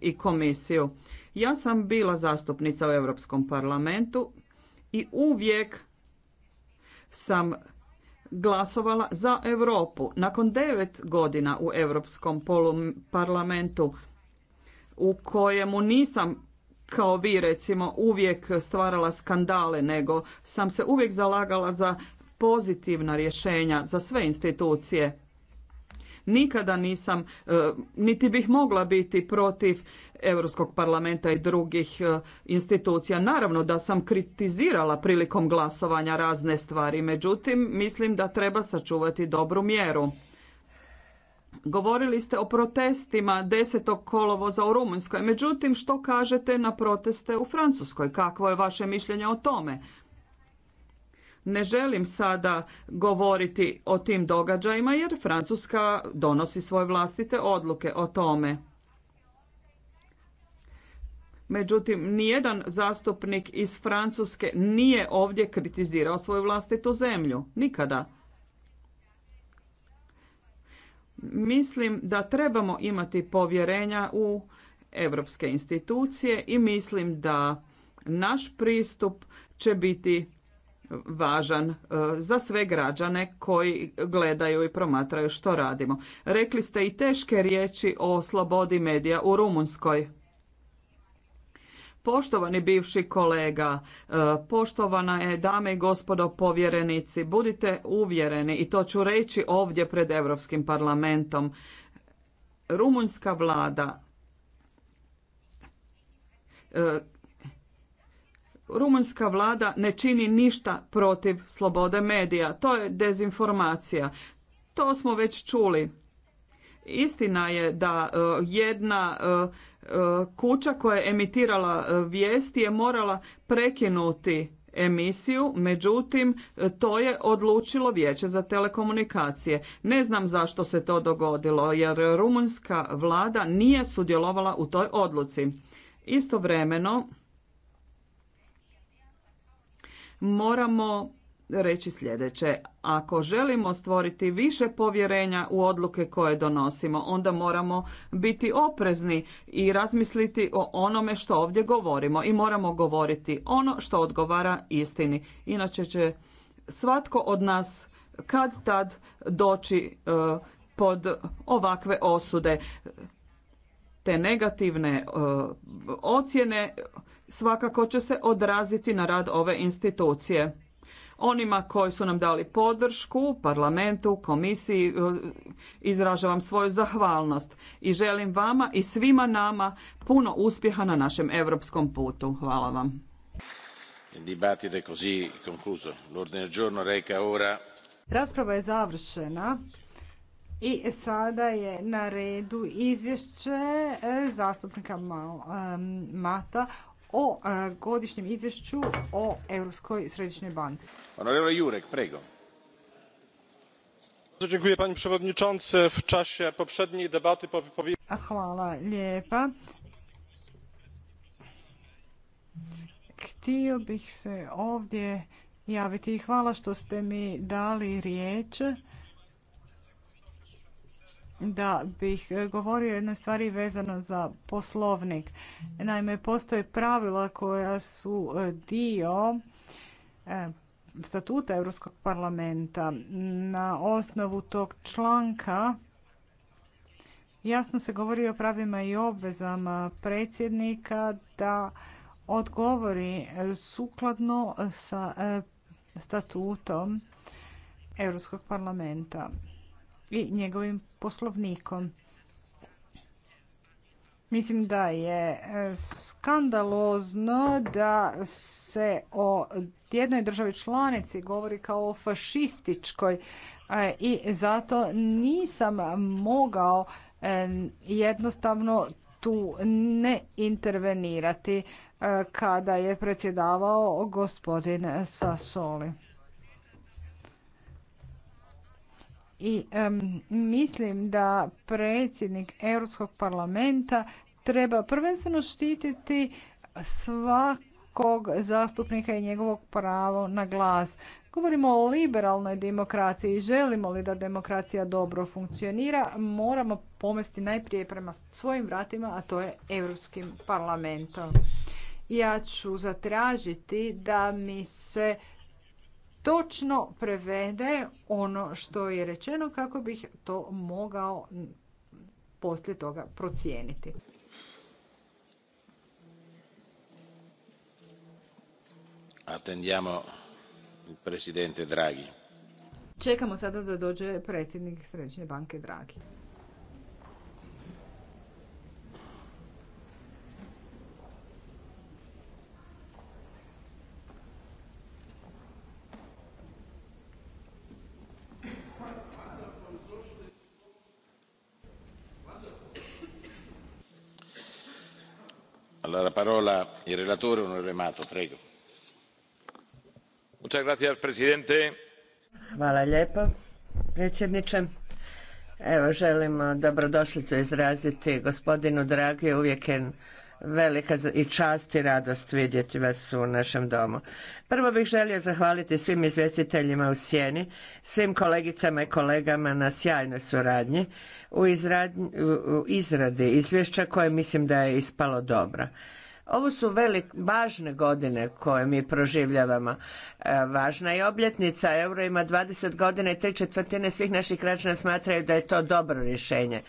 i komisiju. Ja sam bila zastupnica u Europskom parlamentu i uvijek sam glasovala za Europu. Nakon devet godina u Europskom parlamentu u kojemu nisam kao vi recimo uvijek stvarala skandale nego sam se uvijek zalagala za pozitivna rješenja za sve institucije Nikada nisam, e, niti bih mogla biti protiv Europskog parlamenta i drugih e, institucija. Naravno da sam kritizirala prilikom glasovanja razne stvari, međutim mislim da treba sačuvati dobru mjeru. Govorili ste o protestima 10. kolovoza u Rumunjskoj, međutim što kažete na proteste u Francuskoj? Kakvo je vaše mišljenje o tome? Ne želim sada govoriti o tim događajima jer Francuska donosi svoje vlastite odluke o tome. Međutim, nijedan zastupnik iz Francuske nije ovdje kritizirao svoju vlastitu zemlju. Nikada. Mislim da trebamo imati povjerenja u europske institucije i mislim da naš pristup će biti važan e, za sve građane koji gledaju i promatraju što radimo. Rekli ste i teške riječi o slobodi medija u Rumunskoj. Poštovani bivši kolega, e, poštovana je dame i gospodo povjerenici, budite uvjereni i to ću reći ovdje pred Europskim parlamentom. Rumunjska vlada e, Rumunjska vlada ne čini ništa protiv slobode medija. To je dezinformacija. To smo već čuli. Istina je da e, jedna e, e, kuća koja je emitirala vijesti je morala prekinuti emisiju, međutim to je odlučilo vijeće za telekomunikacije. Ne znam zašto se to dogodilo jer rumunjska vlada nije sudjelovala u toj odluci. Istovremeno moramo reći sljedeće. Ako želimo stvoriti više povjerenja u odluke koje donosimo, onda moramo biti oprezni i razmisliti o onome što ovdje govorimo i moramo govoriti ono što odgovara istini. Inače će svatko od nas kad tad doći e, pod ovakve osude. Te negativne e, ocjene svakako će se odraziti na rad ove institucije. Onima koji su nam dali podršku, parlamentu, komisiji, e, izražavam svoju zahvalnost i želim vama i svima nama puno uspjeha na našem europskom putu. Hvala vam. Rasprava je završena. I sada je na redu izvješće e, zastupnika Mata o godišnjem izvješću o Europskoj središnjoj banci. Honorable Jurek, prego. Dziękuję panie przewodniczący. W czasie poprzedniej debaty po wypowiedzi Hvala lijepa. Htio bih se ovdje javiti i hvala što ste mi dali riječ da bih e, govorio o jednoj stvari vezano za poslovnik. Naime, postoje pravila koja su e, dio e, statuta Europskog parlamenta. Na osnovu tog članka jasno se govori o pravima i obvezama predsjednika da odgovori sukladno sa statutom Europskog parlamenta i njegovim poslovnikom. Mislim da je e, skandalozno da se o jednoj državi članici govori kao o fašističkoj e, i zato nisam mogao e, jednostavno tu ne intervenirati kada je predsjedavao gospodin Sasoli. i mislim da predsjednik Europskog parlamenta treba prvenstveno štititi svakog zastupnika i njegovog pravo na glas. Govorimo o liberalnoj demokraciji. i Želimo li da demokracija dobro funkcionira, moramo pomesti najprije prema svojim vratima, a to je Europskim parlamentom. Ja ću zatražiti da mi se točno prevede ono što je rečeno kako bih to mogao poslije toga procijeniti. il Čekamo sada da dođe predsjednik Središnje banke Draghi. gospodine predsjedniče. Hvala lijepo predsjedniče. Evo želim dobrodošlicu izraziti gospodinu Dragiju. Uvijek je velika i čast i radost vidjeti vas u našem domu. Prvo bih želio zahvaliti svim izvjestiteljima u sjeni, svim kolegicama i kolegama na sjajnoj suradnji u, u izradi izvješća koje mislim da je ispalo dobro. Ovo su velik, važne godine koje mi proživljavamo. E, važna je obljetnica, euro ima 20 godina i tri četvrtine svih naših građana smatraju da je to dobro rješenje.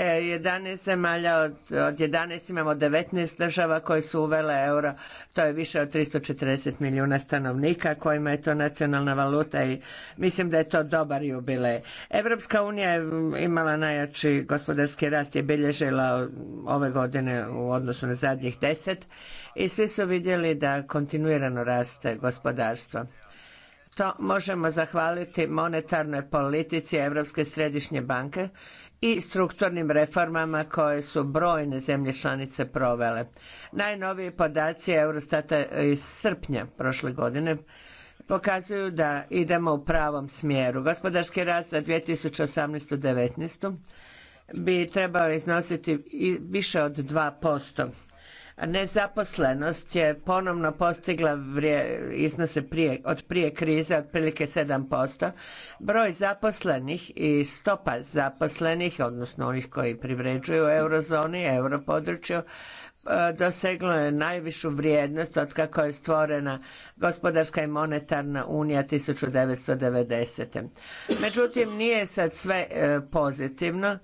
11 e, zemalja, od, od 11 imamo 19 država koje su uvele euro, to je više od 340 milijuna stanovnika kojima je to nacionalna valuta i mislim da je to dobar jubilej. Evropska unija je imala najjači gospodarski rast, je bilježila ove godine u odnosu na zadnjih deset i svi su vidjeli da kontinuirano raste gospodarstvo. To možemo zahvaliti monetarnoj politici Europske središnje banke i strukturnim reformama koje su brojne zemlje članice provele. Najnoviji podaci Eurostata iz srpnja prošle godine pokazuju da idemo u pravom smjeru. Gospodarski rast za 2018. 19. bi trebao iznositi više od 2%. Nezaposlenost je ponovno postigla iznose prije, od prije krize otprilike 7%. Broj zaposlenih i stopa zaposlenih, odnosno onih koji privređuju u eurozoni, europodručju, e, doseglo je najvišu vrijednost otkako je stvorena gospodarska i monetarna unija 1990. Međutim, nije sad sve e, pozitivno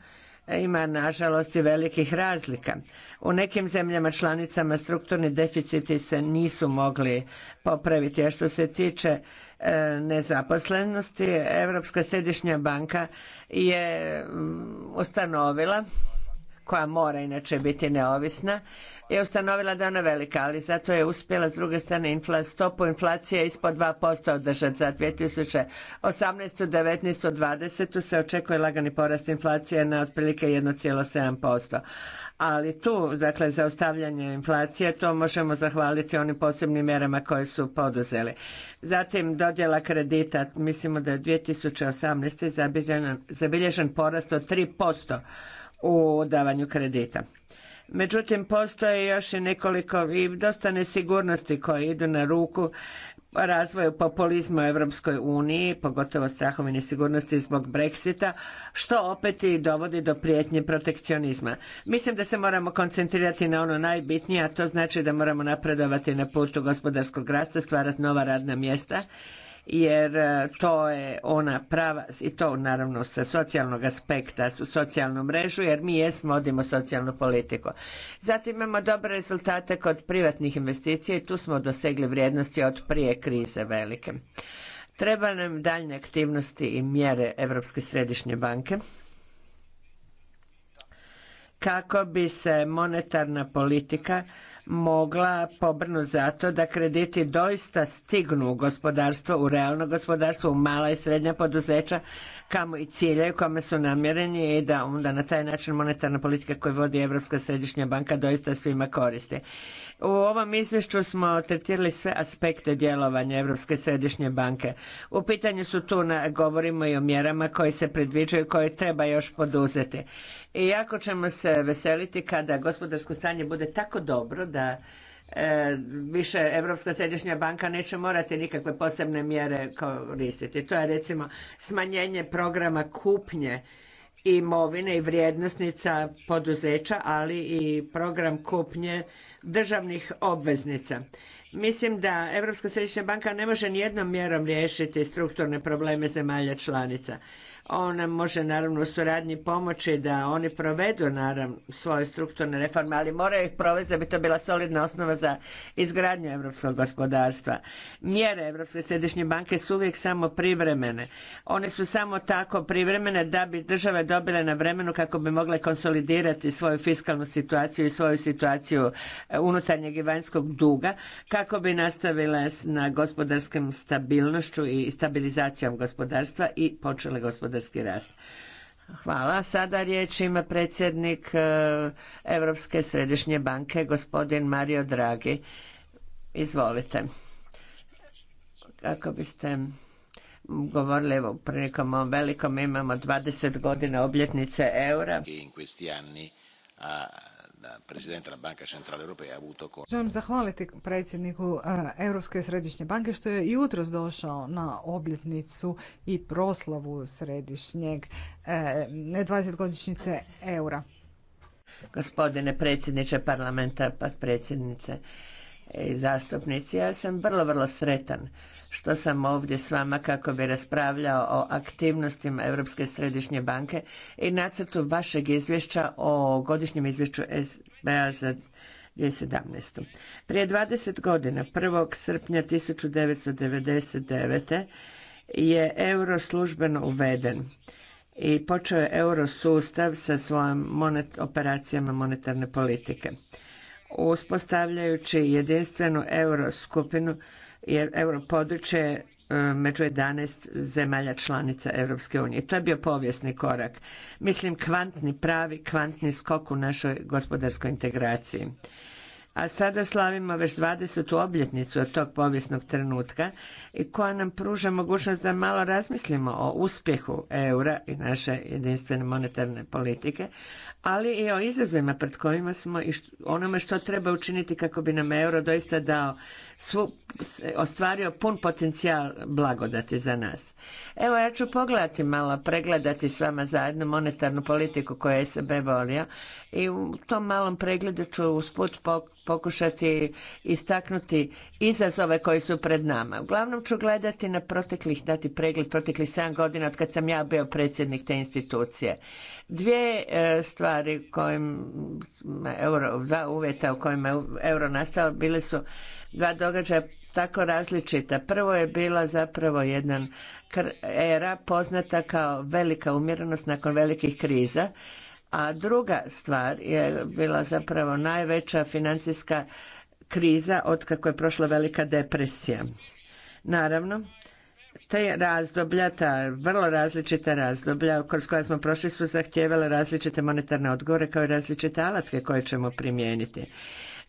ima nažalost i velikih razlika. U nekim zemljama članicama strukturni deficiti se nisu mogli popraviti, a što se tiče e, nezaposlenosti, Europska središnja banka je mm, ustanovila koja mora inače biti neovisna, je ustanovila da je ona velika, ali zato je uspjela s druge strane infla, stopu inflacije ispod 2% održati za 2018. 19. 20. se očekuje lagani porast inflacije na otprilike 1,7%. Ali tu, dakle, zaustavljanje inflacije, to možemo zahvaliti onim posebnim mjerama koje su poduzeli. Zatim, dodjela kredita, mislimo da je 2018. zabilježen, zabilježen porast od 3% u davanju kredita. Međutim, postoje još i nekoliko i dosta nesigurnosti koje idu na ruku razvoju populizma u Europskoj uniji, pogotovo i nesigurnosti zbog Brexita, što opet i dovodi do prijetnje protekcionizma. Mislim da se moramo koncentrirati na ono najbitnije, a to znači da moramo napredovati na putu gospodarskog rasta, stvarati nova radna mjesta jer e, to je ona prava i to naravno sa socijalnog aspekta, u socijalnu mrežu jer mi jesmo odimo socijalnu politiku. Zatim imamo dobre rezultate kod privatnih investicija i tu smo dosegli vrijednosti od prije krize velike. Treba nam daljne aktivnosti i mjere Europske središnje banke kako bi se monetarna politika mogla pobrnuti zato da krediti doista stignu u gospodarstvo, u realno gospodarstvo, u mala i srednja poduzeća, kamo i ciljaju, kome su namjereni i da onda na taj način monetarna politika koju vodi Europska središnja banka doista svima koristi. U ovom izvješću smo tretirali sve aspekte djelovanja Europske središnje banke. U pitanju su tu, na, govorimo i o mjerama koje se predviđaju, koje treba još poduzeti. I jako ćemo se veseliti kada gospodarsko stanje bude tako dobro da e, više Europska središnja banka neće morati nikakve posebne mjere koristiti. To je recimo smanjenje programa kupnje imovine i vrijednosnica poduzeća, ali i program kupnje državnih obveznica. Mislim da Europska središnja banka ne može nijednom mjerom riješiti strukturne probleme zemalja članica. Ona može naravno u suradnji pomoći da oni provedu naravno svoje strukturne reforme, ali moraju ih provesti da bi to bila solidna osnova za izgradnju europskog gospodarstva. Mjere Europske središnje banke su uvijek samo privremene. One su samo tako privremene da bi države dobile na vremenu kako bi mogle konsolidirati svoju fiskalnu situaciju i svoju situaciju e, unutarnjeg i vanjskog duga kako bi nastavile na gospodarskom stabilnošću i stabilizacijom gospodarstva i počele gospodarstvo gospodarski Hvala. Sada riječ ima predsjednik Europske središnje banke, gospodin Mario Draghi. Izvolite. Kako biste govorili evo, prilikom ovom velikom imamo 20 godina obljetnice eura presidente della Banca Centrale Europea avuto Želim zahvaliti predsjedniku e, Europske središnje banke što je jutros došao na obljetnicu i proslavu središnjeg 20-godišnjice e, eura. Gospodine predsjedniče parlamenta, pa predsjednice i zastupnici, ja sam vrlo, vrlo sretan što sam ovdje s vama kako bi raspravljao o aktivnostima Europske središnje banke i nacrtu vašeg izvješća o godišnjem izvješću SBA za 2017. Prije 20 godina, 1. srpnja 1999. je euro službeno uveden i počeo je eurosustav sa svojim operacijama monetarne politike. Uspostavljajući jedinstvenu euro skupinu jer europodručje je među 11 zemalja članica Europske unije. To je bio povijesni korak. Mislim kvantni, pravi kvantni skok u našoj gospodarskoj integraciji. A sada slavimo već 20. obljetnicu od tog povijesnog trenutka i koja nam pruža mogućnost da malo razmislimo o uspjehu eura i naše jedinstvene monetarne politike, ali i o izazovima pred kojima smo i onome što treba učiniti kako bi nam euro doista dao su ostvario pun potencijal blagodati za nas. Evo ja ću pogledati malo, pregledati s vama zajedno monetarnu politiku koju je SB volio i u tom malom pregledu ću usput pokušati istaknuti izazove koji su pred nama. Uglavnom ću gledati na proteklih, dati pregled proteklih 7 godina od kad sam ja bio predsjednik te institucije. Dvije e, stvari kojim euro, dva uvjeta u kojima je euro nastao bili su dva događaja tako različita. Prvo je bila zapravo jedna era poznata kao velika umjerenost nakon velikih kriza, a druga stvar je bila zapravo najveća financijska kriza od kako je prošla velika depresija. Naravno, te razdoblja, ta vrlo različita razdoblja kroz koja smo prošli su zahtijevala različite monetarne odgovore kao i različite alatke koje ćemo primijeniti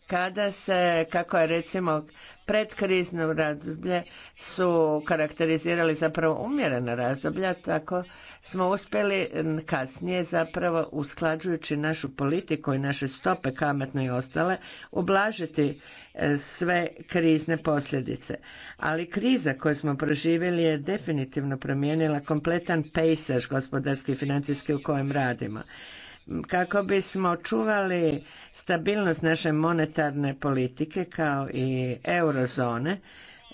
kada se, kako je recimo predkrizno razdoblje su karakterizirali zapravo umjerena razdoblja, tako smo uspjeli kasnije zapravo usklađujući našu politiku i naše stope kamatne i ostale ublažiti e, sve krizne posljedice. Ali kriza koju smo proživjeli je definitivno promijenila kompletan pejsaž gospodarski i financijski u kojem radimo kako bismo čuvali stabilnost naše monetarne politike kao i eurozone,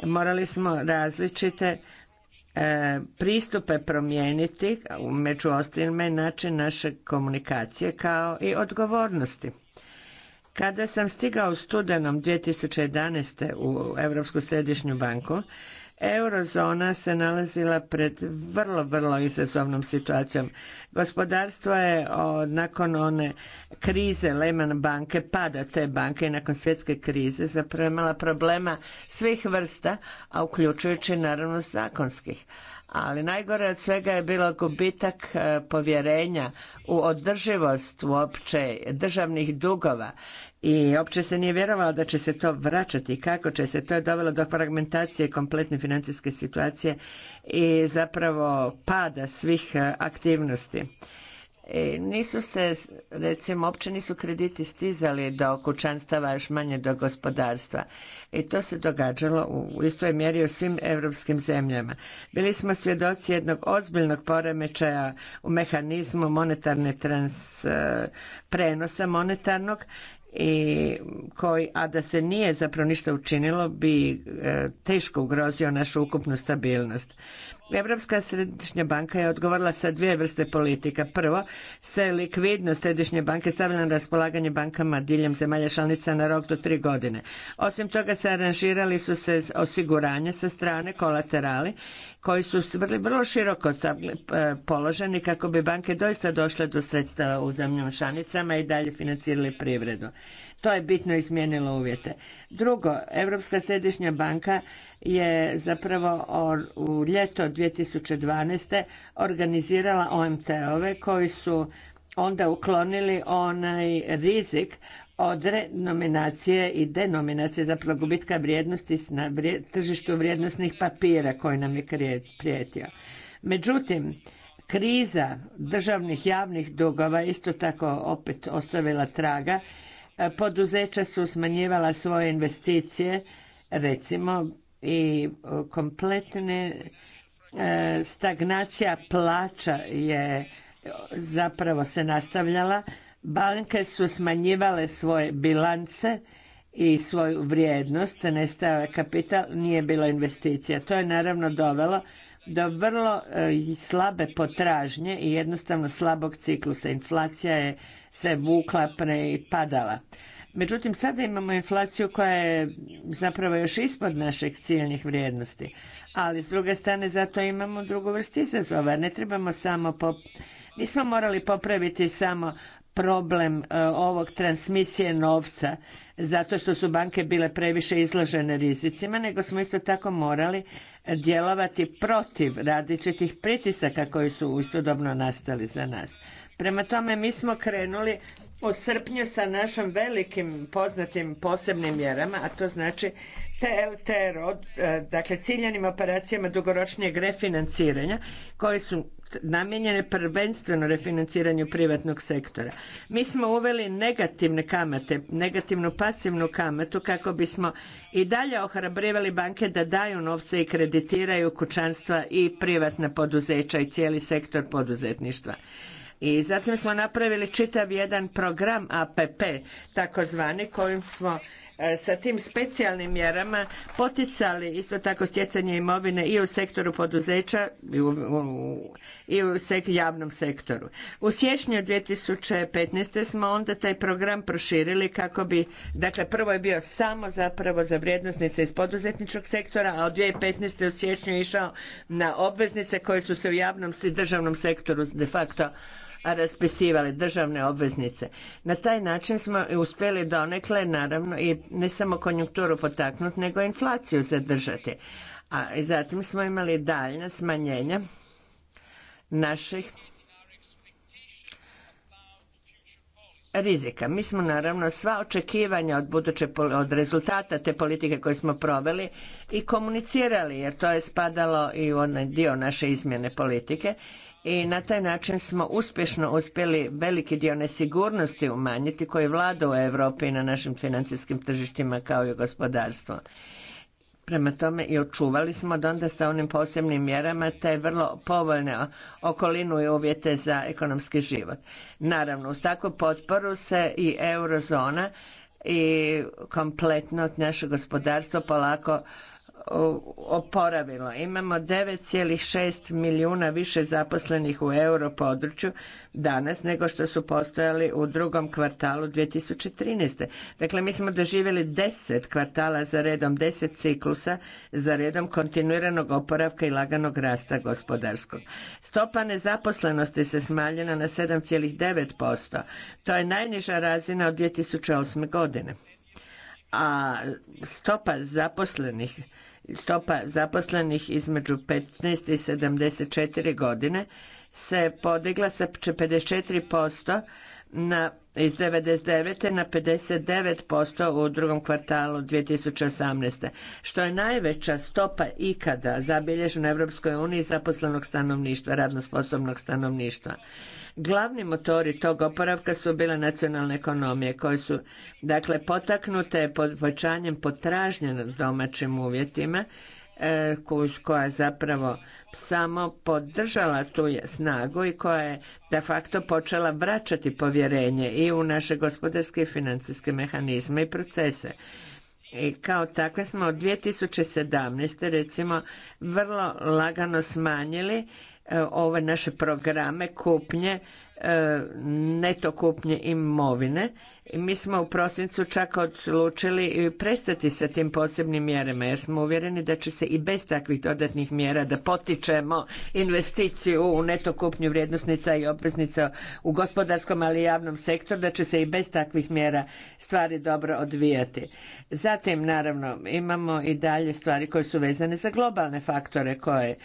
morali smo različite e, pristupe promijeniti, među ostalima i način naše komunikacije kao i odgovornosti. Kada sam stigao u studenom 2011. u Europsku središnju banku, Eurozona se nalazila pred vrlo, vrlo izazovnom situacijom. Gospodarstvo je nakon one krize Lehman banke, pada te banke i nakon svjetske krize zapravo imala problema svih vrsta, a uključujući naravno zakonskih. Ali najgore od svega je bilo gubitak e, povjerenja u održivost uopće državnih dugova i opće se nije vjerovalo da će se to vraćati kako će se. To je dovelo do fragmentacije kompletne financijske situacije i zapravo pada svih e, aktivnosti. I e, nisu se, recimo, uopće nisu krediti stizali do kućanstava, još manje do gospodarstva. I to se događalo u istoj mjeri u svim europskim zemljama. Bili smo svjedoci jednog ozbiljnog poremećaja u mehanizmu monetarne trans, e, prenosa monetarnog i koji, a da se nije zapravo ništa učinilo, bi e, teško ugrozio našu ukupnu stabilnost. Europska središnja banka je odgovorila sa dvije vrste politika. Prvo, se likvidnost središnje banke stavila na raspolaganje bankama diljem zemalja šalnica na rok do tri godine. Osim toga, se aranžirali su se osiguranje sa strane, kolaterali koji su vrlo široko e, položeni kako bi banke doista došle do sredstava u zemljama članicama i dalje financirali privredu. To je bitno izmijenilo uvjete. Drugo, Europska središnja banka je zapravo u ljeto 2012. organizirala OMT-ove koji su onda uklonili onaj rizik od renominacije i denominacije zapravo gubitka vrijednosti na tržištu vrijednosnih papira koji nam je prijetio. Međutim, kriza državnih javnih dugova isto tako opet ostavila traga. E, poduzeća su smanjivala svoje investicije, recimo i e, kompletne e, stagnacija plaća je zapravo se nastavljala Banke su smanjivale svoje bilance i svoju vrijednost, nestao je kapital, nije bilo investicija. To je naravno dovelo do vrlo e, slabe potražnje i jednostavno slabog ciklusa. Inflacija je se vukla pre i padala. Međutim, sada imamo inflaciju koja je zapravo još ispod naših ciljnih vrijednosti. Ali s druge strane zato imamo drugu vrstu izazova. Ne trebamo samo Nismo morali popraviti samo problem e, ovog transmisije novca zato što su banke bile previše izložene rizicima, nego smo isto tako morali djelovati protiv različitih pritisaka koji su istodobno nastali za nas. Prema tome mi smo krenuli u srpnju sa našim velikim poznatim posebnim mjerama, a to znači TLTRO, e, dakle ciljanim operacijama dugoročnijeg refinanciranja koje su namijenjene prvenstveno refinanciranju privatnog sektora. Mi smo uveli negativne kamate, negativnu pasivnu kamatu kako bismo i dalje ohrabrivali banke da daju novce i kreditiraju kućanstva i privatna poduzeća i cijeli sektor poduzetništva. I zatim smo napravili čitav jedan program APP, takozvani, kojim smo E, sa tim specijalnim mjerama poticali isto tako stjecanje imovine i u sektoru poduzeća i u, i u javnom sektoru. U siječnju 2015. smo onda taj program proširili kako bi, dakle prvo je bio samo zapravo za vrijednosnice iz poduzetničkog sektora, a od 2015. u siječnju je išao na obveznice koje su se u javnom i državnom sektoru de facto raspisivali državne obveznice. Na taj način smo uspjeli donekle, naravno, i ne samo konjunkturu potaknuti, nego inflaciju zadržati. A zatim smo imali daljnja smanjenja naših rizika. Mi smo naravno sva očekivanja od buduće od rezultata te politike koje smo proveli i komunicirali jer to je spadalo i u onaj dio naše izmjene politike i na taj način smo uspješno uspjeli veliki dio nesigurnosti umanjiti koji vlada u Europi i na našim financijskim tržištima kao i gospodarstvo. Prema tome i očuvali smo onda sa onim posebnim mjerama te vrlo povoljne okolinu i uvjete za ekonomski život. Naravno, uz takvu potporu se i eurozona i kompletno naše gospodarstvo polako oporavilo. Imamo 9,6 milijuna više zaposlenih u europodručju danas nego što su postojali u drugom kvartalu 2013. Dakle, mi smo doživjeli 10 kvartala za redom, 10 ciklusa za redom kontinuiranog oporavka i laganog rasta gospodarskog. Stopa nezaposlenosti se smanjena na 7,9%. To je najniža razina od 2008. godine. A stopa zaposlenih stopa zaposlenih između 15 i 74 godine se podigla sa 54% na iz 99. na 59% u drugom kvartalu 2018. što je najveća stopa ikada zabilježena u Europskoj uniji zaposlenog stanovništva, radno sposobnog stanovništva. Glavni motori tog oporavka su bile nacionalne ekonomije koje su dakle potaknute povećanjem potražnje na domaćim uvjetima E, koja zapravo samo podržala tu snagu i koja je de facto počela vraćati povjerenje i u naše gospodarske i financijske mehanizme i procese. I kao takve smo od 2017. recimo vrlo lagano smanjili e, ove naše programe kupnje, e, neto kupnje imovine mi smo u prosincu čak odlučili prestati sa tim posebnim mjerama jer smo uvjereni da će se i bez takvih dodatnih mjera da potičemo investiciju u neto kupnju vrijednosnica i obveznica u gospodarskom ali i javnom sektoru da će se i bez takvih mjera stvari dobro odvijati. Zatim naravno imamo i dalje stvari koje su vezane za globalne faktore koje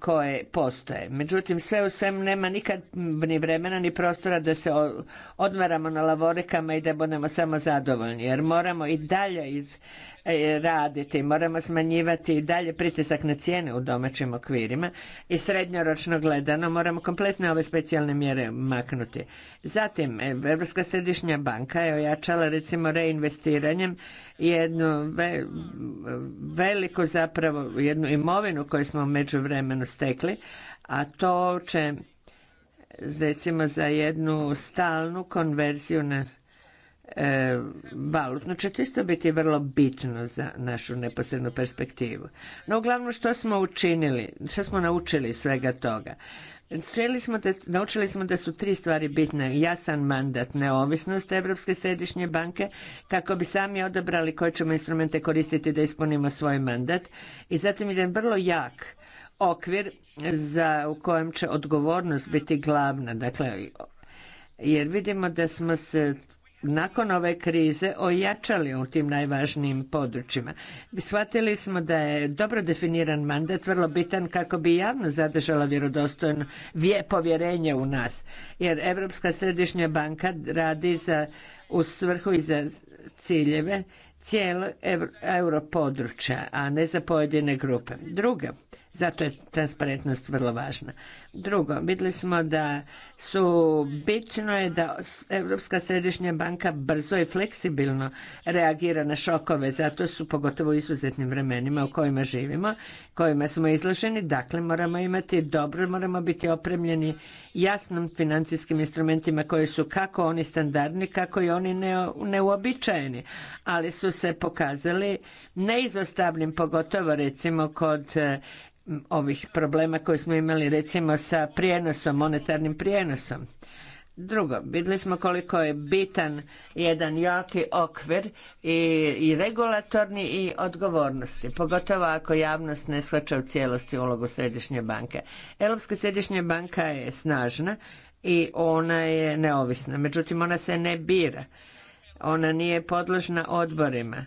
koje postoje. Međutim, sve u svem nema nikad ni vremena ni prostora da se odmaramo na lavorikama i da budemo samo zadovoljni, jer moramo i dalje iz E, raditi. Moramo smanjivati i dalje pritisak na cijene u domaćim okvirima i srednjoročno gledano moramo kompletno ove specijalne mjere maknuti. Zatim, e, Europska središnja banka je ojačala recimo reinvestiranjem jednu veliku zapravo jednu imovinu koju smo u vremenu stekli, a to će recimo za jednu stalnu konverziju na E, valutno će to isto biti vrlo bitno za našu neposrednu perspektivu. No uglavnom što smo učinili, što smo naučili svega toga? smo da, naučili smo da su tri stvari bitne. Jasan mandat, neovisnost Europske središnje banke, kako bi sami odabrali koje ćemo instrumente koristiti da ispunimo svoj mandat. I zatim jedan vrlo jak okvir za, u kojem će odgovornost biti glavna. Dakle, jer vidimo da smo se nakon ove krize ojačali u tim najvažnijim područjima. Shvatili smo da je dobro definiran mandat vrlo bitan kako bi javno zadržala vjerodostojno vje, povjerenje u nas. Jer Europska središnja banka radi za, u svrhu i za ciljeve cijelo europodručja, a ne za pojedine grupe. Druga, zato je transparentnost vrlo važna. Drugo, vidjeli smo da su bitno je da Europska središnja banka brzo i fleksibilno reagira na šokove, zato su pogotovo u izuzetnim vremenima u kojima živimo, kojima smo izloženi, dakle moramo imati dobro, moramo biti opremljeni jasnim financijskim instrumentima koji su kako oni standardni, kako i oni neuobičajeni, ali su se pokazali neizostavnim, pogotovo recimo kod eh, ovih problema koje smo imali recimo sa prijenosom, monetarnim prijenosom. Drugo, vidjeli smo koliko je bitan jedan jaki okvir i, i regulatorni i odgovornosti, pogotovo ako javnost ne shvaća u cijelosti ulogu Središnje banke. Europska središnja banka je snažna i ona je neovisna, međutim ona se ne bira. Ona nije podložna odborima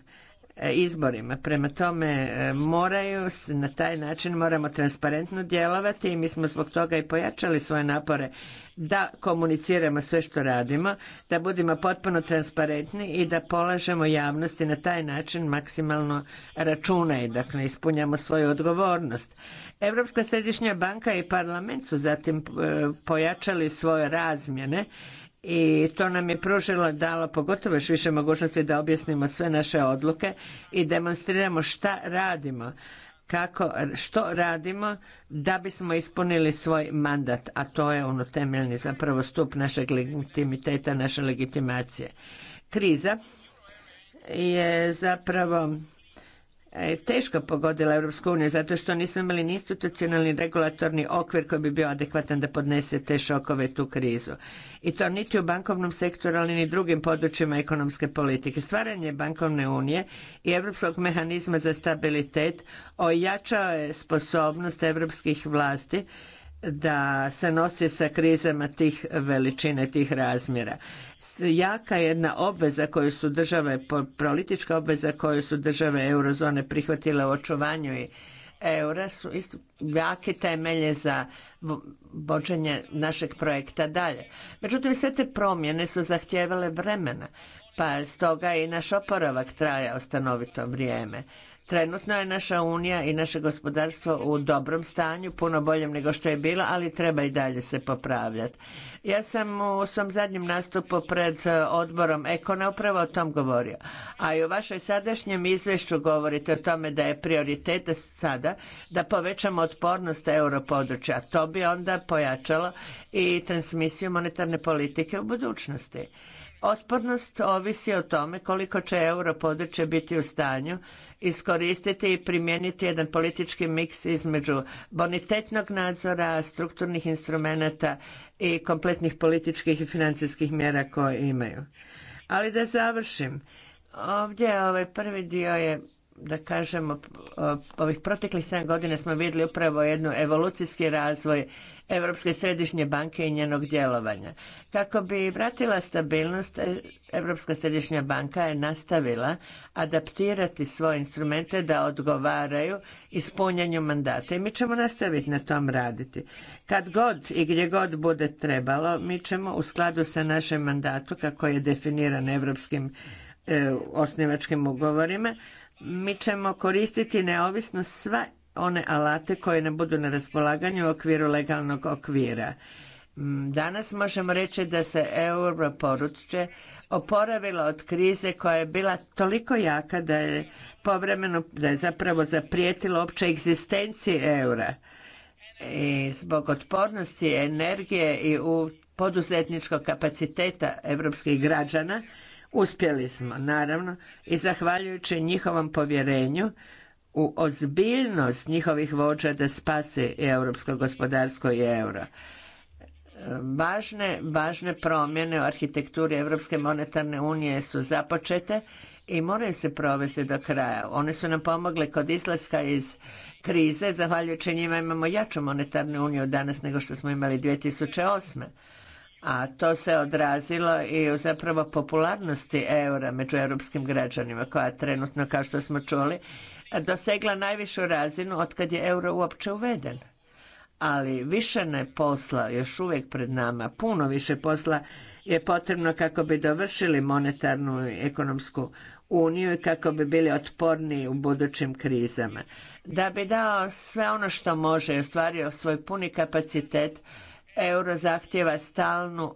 E, izborima. Prema tome e, moraju, na taj način moramo transparentno djelovati i mi smo zbog toga i pojačali svoje napore da komuniciramo sve što radimo, da budemo potpuno transparentni i da polažemo javnosti na taj način maksimalno računa i dakle ispunjamo svoju odgovornost. Europska središnja banka i parlament su zatim e, pojačali svoje razmjene i to nam je pružila dala pogotovo još više mogućnosti da objasnimo sve naše odluke i demonstriramo šta radimo kako, što radimo da bismo ispunili svoj mandat, a to je ono temeljni zapravo stup našeg legitimiteta, naše legitimacije. Kriza je zapravo E, teško pogodila Europsku uniju zato što nismo imali ni institucionalni regulatorni okvir koji bi bio adekvatan da podnese te šokove, tu krizu. I to niti u bankovnom sektoru, ali ni drugim područjima ekonomske politike. Stvaranje bankovne unije i europskog mehanizma za stabilitet ojačao je sposobnost europskih vlasti da se nosi sa krizama tih veličine, tih razmjera. Jaka jedna obveza koju su države, politička obveza koju su države eurozone prihvatile u očuvanju i eura su isto jake temelje za vođenje našeg projekta dalje. Međutim, sve te promjene su zahtjevale vremena, pa stoga i naš oporavak traja stanovito vrijeme. Trenutno je naša unija i naše gospodarstvo u dobrom stanju, puno boljem nego što je bilo, ali treba i dalje se popravljati. Ja sam u svom zadnjem nastupu pred e, odborom Ekona upravo o tom govorio. A i u vašoj sadašnjem izvješću govorite o tome da je prioritet sada da povećamo otpornost europodručja. To bi onda pojačalo i transmisiju monetarne politike u budućnosti. Otpornost ovisi o tome koliko će euro biti u stanju iskoristiti i primijeniti jedan politički miks između bonitetnog nadzora, strukturnih instrumenata i kompletnih političkih i financijskih mjera koje imaju. Ali da završim, ovdje ovaj prvi dio je da kažemo, ovih proteklih 7 godina smo vidjeli upravo jednu evolucijski razvoj Europske središnje banke i njenog djelovanja. Kako bi vratila stabilnost, Europska središnja banka je nastavila adaptirati svoje instrumente da odgovaraju ispunjanju mandata i mi ćemo nastaviti na tom raditi. Kad god i gdje god bude trebalo, mi ćemo u skladu sa našem mandatu, kako je definiran Evropskim e, osnivačkim ugovorima, mi ćemo koristiti neovisno sve one alate koje ne budu na raspolaganju u okviru legalnog okvira. Mm, danas možemo reći da se euro područje oporavilo od krize koja je bila toliko jaka da je povremeno, da je zapravo zaprijetilo opće egzistenciji eura. I zbog otpornosti, energije i u poduzetničkog kapaciteta europskih građana, Uspjeli smo, naravno, i zahvaljujući njihovom povjerenju u ozbiljnost njihovih vođa da spase europsko gospodarsko i euro. E, važne, važne promjene u arhitekturi Europske monetarne unije su započete i moraju se provesti do kraja. One su nam pomogle kod izlaska iz krize, zahvaljujući njima imamo jaču monetarnu uniju danas nego što smo imali 2008 a to se odrazilo i u zapravo popularnosti eura među europskim građanima koja trenutno kao što smo čuli dosegla najvišu razinu otkad je euro uopće uveden. Ali više ne posla još uvijek pred nama, puno više posla je potrebno kako bi dovršili monetarnu i ekonomsku uniju i kako bi bili otporni u budućim krizama. Da bi dao sve ono što može i ostvario svoj puni kapacitet euro zahtjeva stalnu,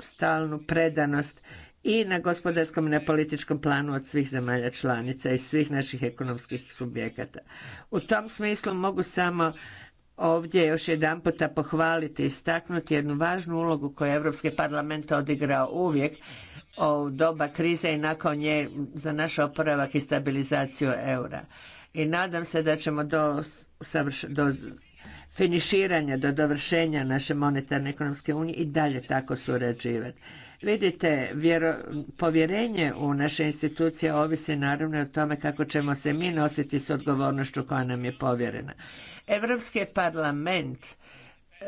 stalnu predanost i na gospodarskom i na političkom planu od svih zemalja članica i svih naših ekonomskih subjekata. U tom smislu mogu samo ovdje još jedan puta pohvaliti i istaknuti jednu važnu ulogu koju je Europski parlament odigrao uvijek u doba krize i nakon nje za naš oporavak i stabilizaciju eura. I nadam se da ćemo do finiširanja do dovršenja naše monetarne ekonomske unije i dalje tako surađivati. Vidite, povjerenje u naše institucije ovisi naravno o tome kako ćemo se mi nositi s odgovornošću koja nam je povjerena. Europski parlament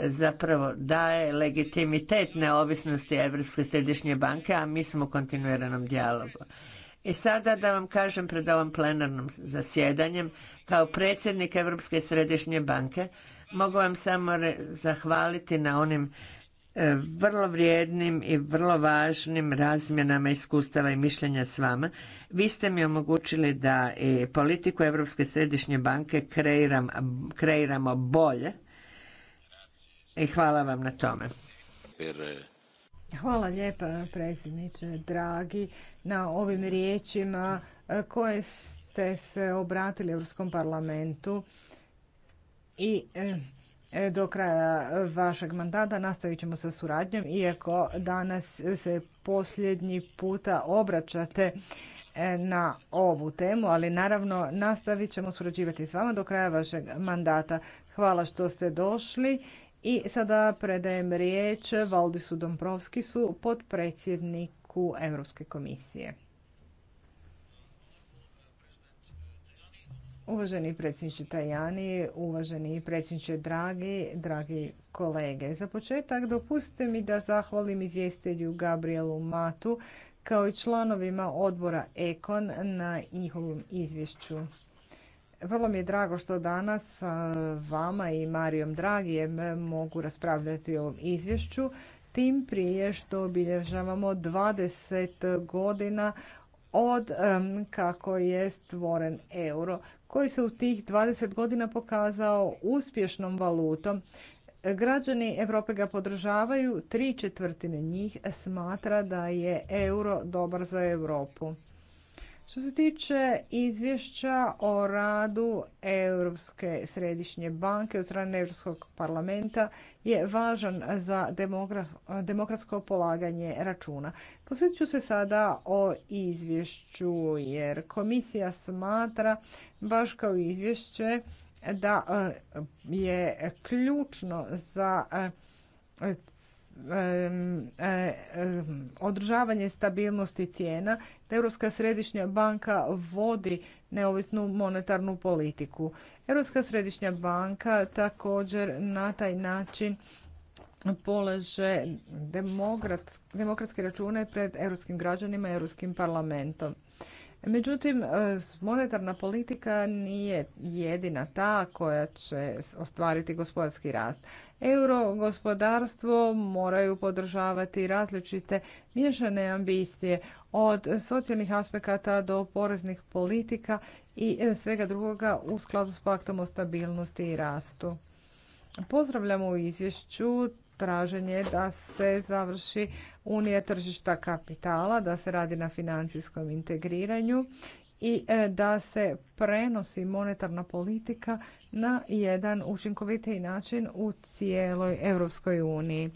zapravo daje legitimitet neovisnosti Europske središnje banke, a mi smo u kontinuiranom dijalogu. I sada da vam kažem pred ovom plenarnom zasjedanjem, kao predsjednik Europske središnje banke, Mogu vam samo zahvaliti na onim e, vrlo vrijednim i vrlo važnim razmjenama iskustava i mišljenja s vama. Vi ste mi omogućili da i politiku Europske središnje banke kreiram, kreiramo bolje i hvala vam na tome. Hvala lijepa predsjedniče, dragi, na ovim riječima e, koje ste se obratili Europskom parlamentu i e, e, do kraja vašeg mandata nastavit ćemo sa suradnjom, iako danas se posljednji puta obraćate e, na ovu temu, ali naravno nastavit ćemo surađivati s vama do kraja vašeg mandata. Hvala što ste došli i sada predajem riječ Valdisu Dombrovskisu, potpredsjedniku Europske komisije. Uvaženi predsjedniče Tajani, uvaženi predsjedniče Dragi, dragi kolege. Za početak dopustite mi da zahvalim izvjestelju Gabrielu Matu kao i članovima odbora Ekon na njihovom izvješću. Vrlo mi je drago što danas vama i Marijom Dragijem mogu raspravljati o ovom izvješću, tim prije što obilježavamo 20 godina od kako je stvoren euro koji se u tih 20 godina pokazao uspješnom valutom. Građani Europe ga podržavaju, tri četvrtine njih smatra da je euro dobar za Europu. Što se tiče izvješća o radu Europske središnje banke od strane Europskog parlamenta je važan za demokratsko polaganje računa. Posjetit ću se sada o izvješću jer komisija smatra baš kao izvješće da e, je ključno za e, E, održavanje stabilnosti cijena, da Europska središnja banka vodi neovisnu monetarnu politiku. Europska središnja banka također na taj način polaže demokratske račune pred europskim građanima i europskim parlamentom. Međutim, e, monetarna politika nije jedina ta koja će ostvariti gospodarski rast. Euro gospodarstvo moraju podržavati različite miješane ambicije od socijalnih aspekata do poreznih politika i e, svega drugoga u skladu s paktom o stabilnosti i rastu. Pozdravljamo u izvješću traženje da se završi unija tržišta kapitala, da se radi na financijskom integriranju i e, da se prenosi monetarna politika na jedan učinkovitiji način u cijeloj Europskoj uniji.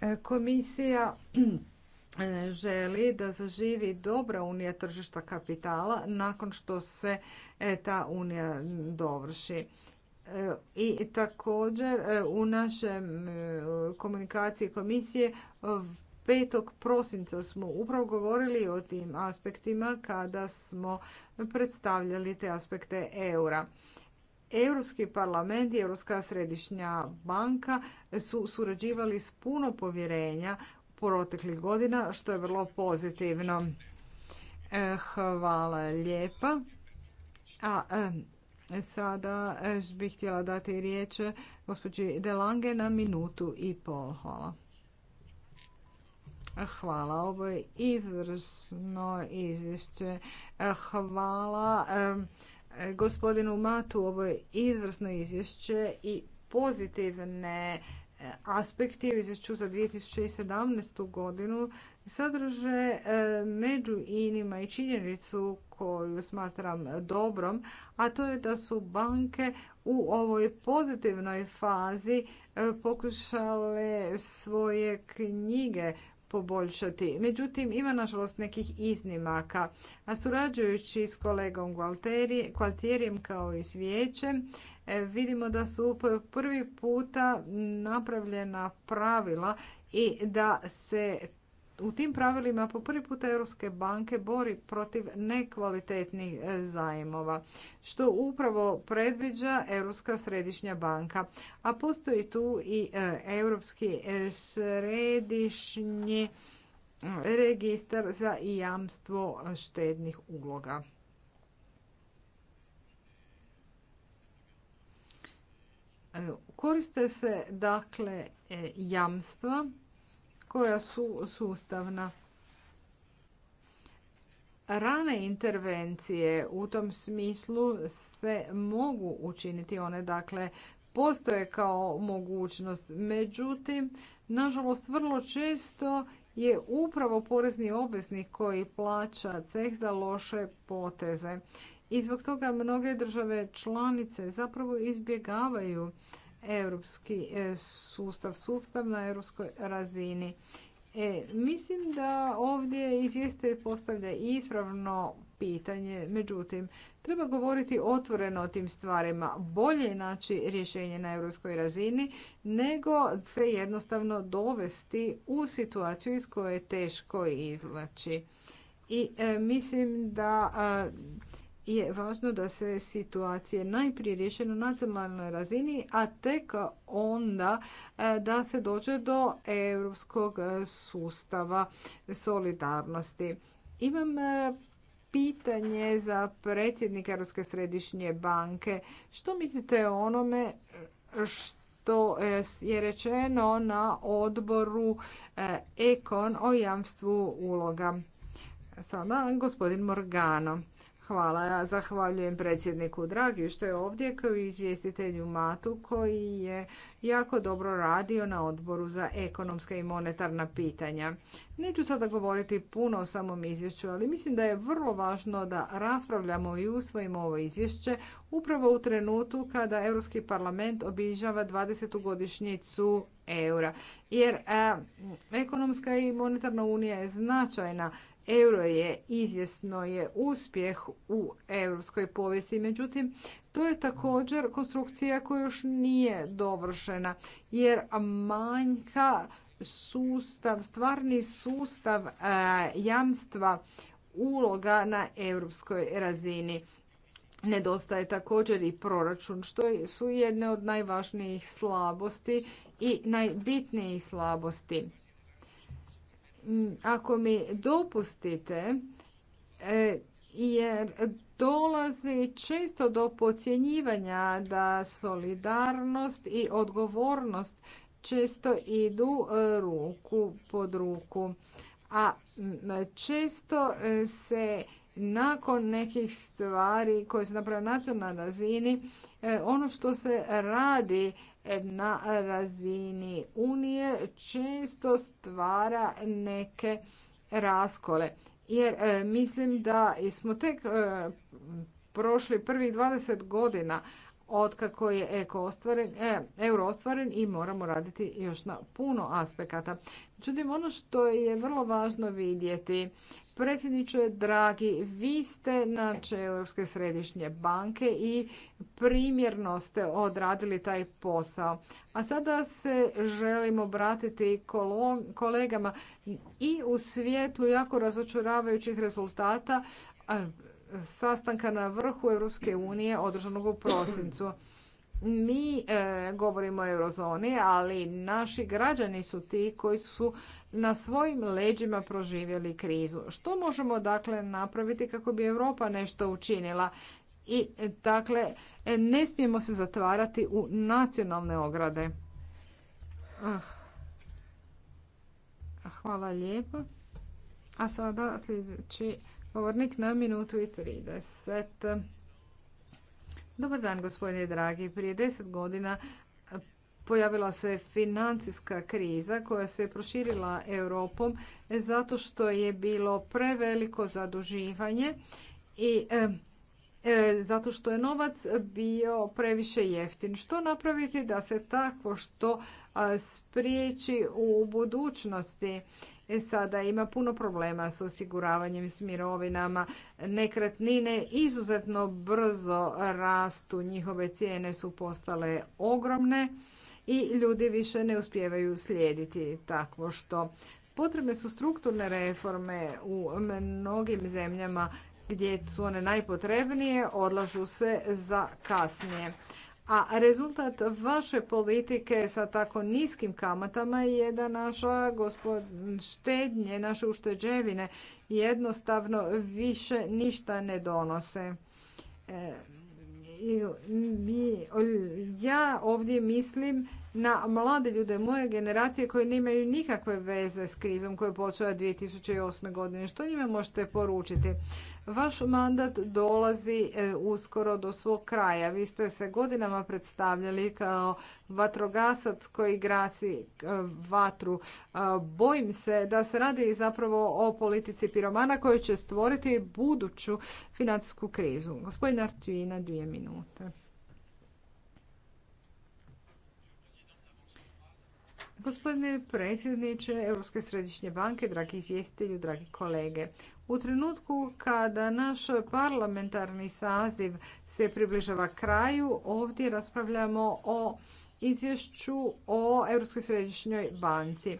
E, komisija e, želi da zaživi dobra unija tržišta kapitala nakon što se ta unija dovrši i također e, u našem e, komunikaciji komisije 5. E, prosinca smo upravo govorili o tim aspektima kada smo predstavljali te aspekte eura. Europski parlament i Europska središnja banka su surađivali s puno povjerenja proteklih godina, što je vrlo pozitivno. Hvala lijepa. A, Sada e, bih htjela dati riječ gospođi Delange na minutu i pol. Hvala. Hvala, ovo je izvrsno izvješće. E, hvala e, gospodinu Matu, ovo je izvrsno izvješće i pozitivne aspekte u izvješću za 2017. godinu sadrže među inima i činjenicu koju smatram dobrom, a to je da su banke u ovoj pozitivnoj fazi e, pokušale svoje knjige poboljšati. Međutim, ima nažalost nekih iznimaka. A surađujući s kolegom Gualtierijem kao i s vijećem, e, vidimo da su prvi puta napravljena pravila i da se u tim pravilima po prvi put Europske banke bori protiv nekvalitetnih e, zajmova, što upravo predviđa Europska središnja banka. A postoji tu i e, Europski e, središnji registar za jamstvo štednih uloga. Koriste se dakle jamstva koja su sustavna. Rane intervencije u tom smislu se mogu učiniti one dakle postoje kao mogućnost. Međutim, nažalost vrlo često je upravo porezni obveznik koji plaća ceh za loše poteze. I zbog toga mnoge države članice zapravo izbjegavaju europski e, sustav, sustav na europskoj razini. E, mislim da ovdje izvijeste postavlja ispravno pitanje, međutim, treba govoriti otvoreno o tim stvarima. Bolje je naći rješenje na europskoj razini nego se jednostavno dovesti u situaciju iz koje je teško izlači. I e, mislim da je važno da se situacije najprije riješe na nacionalnoj razini, a tek onda e, da se dođe do europskog sustava solidarnosti. Imam e, pitanje za predsjednika Europske središnje banke. Što mislite o onome što e, je rečeno na odboru Ekon o jamstvu uloga? Sada gospodin Morgano. Hvala. Zahvaljujem predsjedniku Dragi što je ovdje kao izvjestitelju Matu koji je jako dobro radio na odboru za ekonomska i monetarna pitanja. Neću sada govoriti puno o samom izvješću, ali mislim da je vrlo važno da raspravljamo i usvojimo ovo izvješće upravo u trenutku kada Europski parlament obižava 20. godišnjicu eura. Jer ekonomska i monetarna unija je značajna Euro je izvjesno je uspjeh u europskoj povijesti, međutim to je također konstrukcija koja još nije dovršena jer manjka sustav, stvarni sustav e, jamstva uloga na europskoj razini. Nedostaje također i proračun, što su jedne od najvažnijih slabosti i najbitnijih slabosti. Mm, ako mi dopustite, e, jer dolazi često do pocijenjivanja da solidarnost i odgovornost često idu e, ruku pod ruku. A često e, se nakon nekih stvari koje se napravljaju na nacionalnoj razini, ono što se radi na razini Unije često stvara neke raskole. Jer e, mislim da smo tek e, prošli prvih 20 godina otkako je eko ostvaren, e, euro ostvaren i moramo raditi još na puno aspekata. Međutim, ono što je vrlo važno vidjeti Predsjedniče dragi, vi ste na čelu Europske središnje banke i primjerno ste odradili taj posao. A sada se želim obratiti kolegama i u svijetlu jako razočaravajućih rezultata sastanka na vrhu Europske unije održanog u prosincu mi e, govorimo o eurozoni, ali naši građani su ti koji su na svojim leđima proživjeli krizu. Što možemo dakle napraviti kako bi Europa nešto učinila? I dakle, ne smijemo se zatvarati u nacionalne ograde. Ah. Hvala lijepo. A sada sljedeći govornik na minutu i 30. Dobar dan, gospodine dragi. Prije deset godina pojavila se financijska kriza koja se proširila Europom zato što je bilo preveliko zaduživanje i E, zato što je novac bio previše jeftin. Što napraviti da se takvo što spriječi u budućnosti? E, sada ima puno problema s osiguravanjem s mirovinama. Nekretnine izuzetno brzo rastu, njihove cijene su postale ogromne i ljudi više ne uspijevaju slijediti takvo što. Potrebne su strukturne reforme u mnogim zemljama gdje su one najpotrebnije odlažu se za kasnije. A rezultat vaše politike sa tako niskim kamatama je da naša štednje, naše ušteđevine jednostavno više ništa ne donose. E, ja ovdje mislim na mlade ljude moje generacije koje nemaju nikakve veze s krizom koja je počela 2008. godine. Što njima možete poručiti? Vaš mandat dolazi e, uskoro do svog kraja. Vi ste se godinama predstavljali kao vatrogasac koji grasi e, vatru. E, bojim se da se radi zapravo o politici piromana koji će stvoriti buduću financijsku krizu. Gospodin Artvina, dvije minute. Gospodine predsjedniče Europske središnje banke, dragi izvjestitelju, dragi kolege. U trenutku kada naš parlamentarni saziv se približava kraju, ovdje raspravljamo o izvješću o Europskoj središnjoj banci.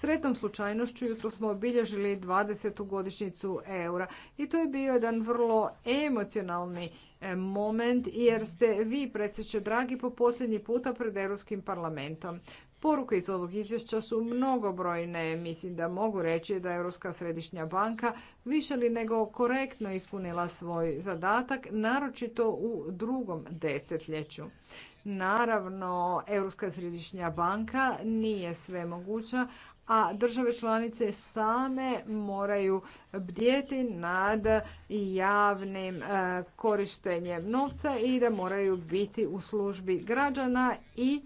Sretnom slučajnošću jutro smo obilježili 20. godišnjicu eura i to je bio jedan vrlo emocionalni e, moment jer ste vi predsjeće dragi po posljednji puta pred Europskim parlamentom. Poruke iz ovog izvješća su mnogobrojne. Mislim da mogu reći da Europska središnja banka više li nego korektno ispunila svoj zadatak, naročito u drugom desetljeću. Naravno, Europska središnja banka nije sve moguća, a države članice same moraju bdjeti nad javnim e, korištenjem novca i da moraju biti u službi građana i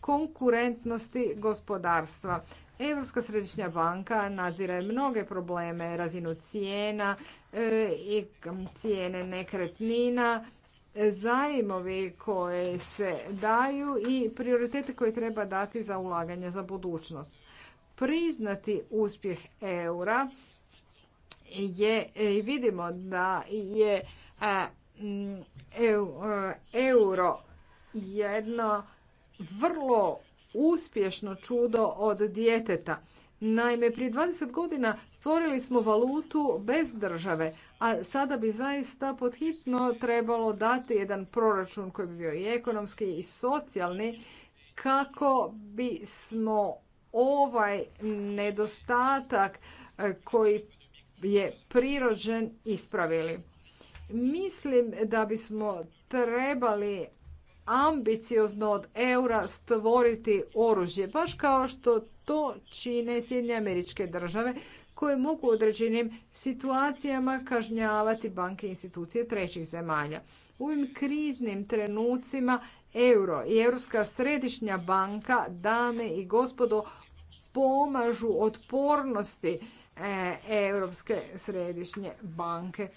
konkurentnosti gospodarstva. Europska središnja banka nadzira mnoge probleme, razinu cijena e, i cijene nekretnina, zajmovi koje se daju i prioritete koje treba dati za ulaganje za budućnost. Priznati uspjeh eura je, e, vidimo da je e, euro jedno vrlo uspješno čudo od djeteta. Naime, prije 20 godina stvorili smo valutu bez države, a sada bi zaista podhitno trebalo dati jedan proračun koji bi bio i ekonomski i socijalni kako bismo ovaj nedostatak e, koji je prirođen ispravili. Mislim da bismo trebali ambiciozno od eura stvoriti oružje, baš kao što to čine Sjedinje američke države koje mogu u određenim situacijama kažnjavati banke i institucije trećih zemalja. U ovim kriznim trenucima euro i Europska središnja banka, dame i gospodo, pomažu otpornosti e, Europske središnje banke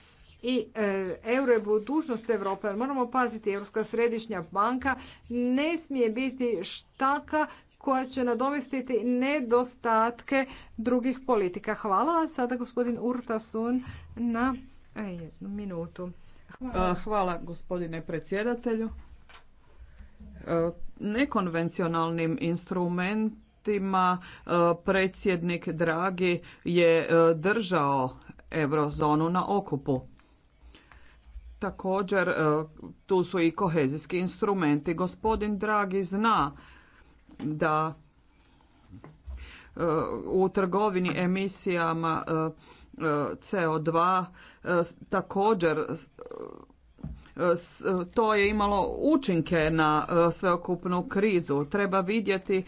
i e, euro je budućnost Europe. Moramo paziti, Europska središnja banka ne smije biti štaka koja će nadomestiti nedostatke drugih politika. Hvala. sada gospodin Urtasun na e, jednu minutu. Hvala. E, hvala gospodine predsjedatelju. Nekonvencionalnim instrumentima predsjednik Dragi je držao eurozonu na okupu. Također, e, tu su i kohezijski instrumenti. Gospodin Dragi zna da e, u trgovini emisijama e, CO2 također to je imalo učinke na sveokupnu krizu. Treba vidjeti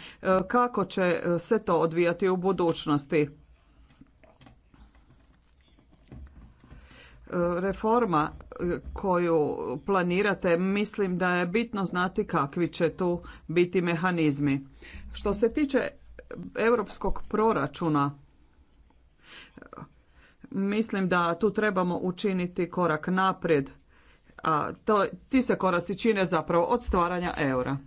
kako će se to odvijati u budućnosti. reforma e, koju planirate, mislim da je bitno znati kakvi će tu biti mehanizmi. Što se tiče europskog proračuna, mislim da tu trebamo učiniti korak naprijed, a to, ti se koraci čine zapravo od stvaranja eura.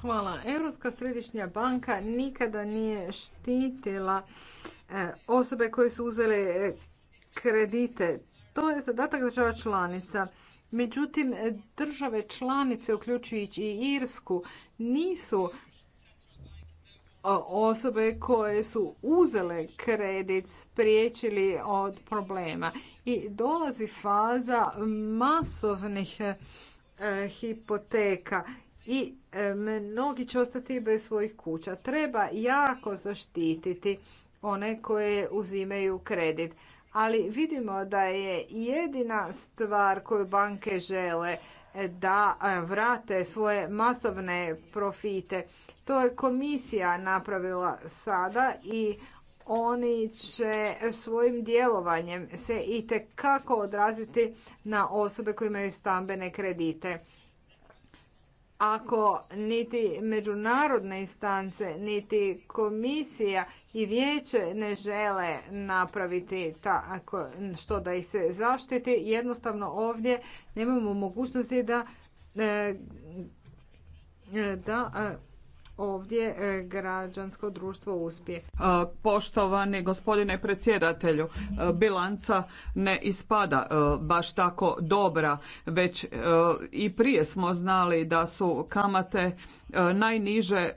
Hvala. Europska središnja banka nikada nije štitila E, osobe koje su uzele e, kredite. To je zadatak država članica. Međutim, države članice, uključujući i Irsku, nisu osobe koje su uzele kredit spriječili od problema. I dolazi faza masovnih e, hipoteka i mnogi će ostati bez svojih kuća. Treba jako zaštititi one koje uzimaju kredit. Ali vidimo da je jedina stvar koju banke žele e, da e, vrate svoje masovne profite. To je komisija napravila sada i oni će svojim djelovanjem se i kako odraziti na osobe koje imaju stambene kredite ako niti međunarodne instance, niti komisija i vijeće ne žele napraviti ako što da ih se zaštiti, jednostavno ovdje nemamo mogućnosti da e, e, da e, ovdje e, građansko društvo uspije. E, poštovani gospodine predsjedatelju, e, bilanca ne ispada baš tako dobra, već i prije smo znali da su kamate najniže